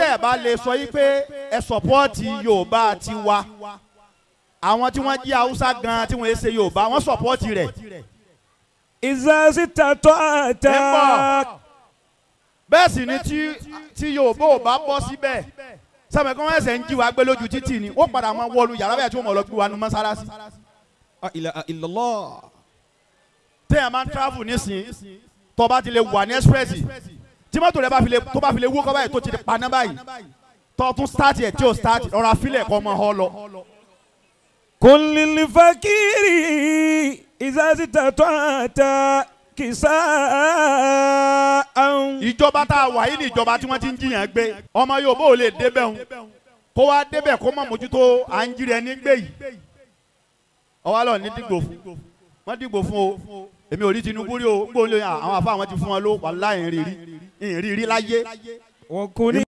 tẹ́ ẹ̀ bá lè sọ yí pé ẹ sọ̀pọ́ọ̀tì yorùbá tiwa àwọn tí wọ́n jí haúsá gan tí wọ́n ṣe yorùbá wọ́n sọ̀pọ́ọ̀tì rẹ̀. ìzásí tàtọ́ àtà. bẹ́ẹ̀ sì ni tí yorùbá ò bá bọ́ síbẹ̀ sábẹ̀ kí wọ́n ẹsẹ̀ ń jí wa gbé lójú títì ni ó padà máa wọlú yàrá bẹ́ẹ̀ tí wọ́n mọ̀ lọ gbé wa nu mọ́sálásí. illallah. téèyàn máa ń travel nísìnyí tó bá ti lè wà ní express tímọ́tò rẹ tó bá fi lè wó kọ́ báyìí tó ti paná báyìí tọ́tún stáàtì ẹ̀ tí ò stáàtì ọ̀rọ̀ àfilẹ̀ kọ́ ọmọ ọ lọ. kò lè lè fa kiri ìsásí tàtọ́ àtà kìsà áhùn. ìjọba tá a wà yìí ni ìjọba tí wọ́n ti ń jiyàn gbé ọmọ Yorùbá ò lè débẹ̀ òun kó wá débẹ̀ kó mọ̀ mójútó à ń jí rẹ nígbè yìí ọwọ́ lọ ní dìgbò fún wọ́n dìgbò fún o èmi ò rí Tinubu rí o gbóhùn àwọn afá àwọn ti fún wọn ló wà láyìn rírí ìrírí láyé. wọn ní.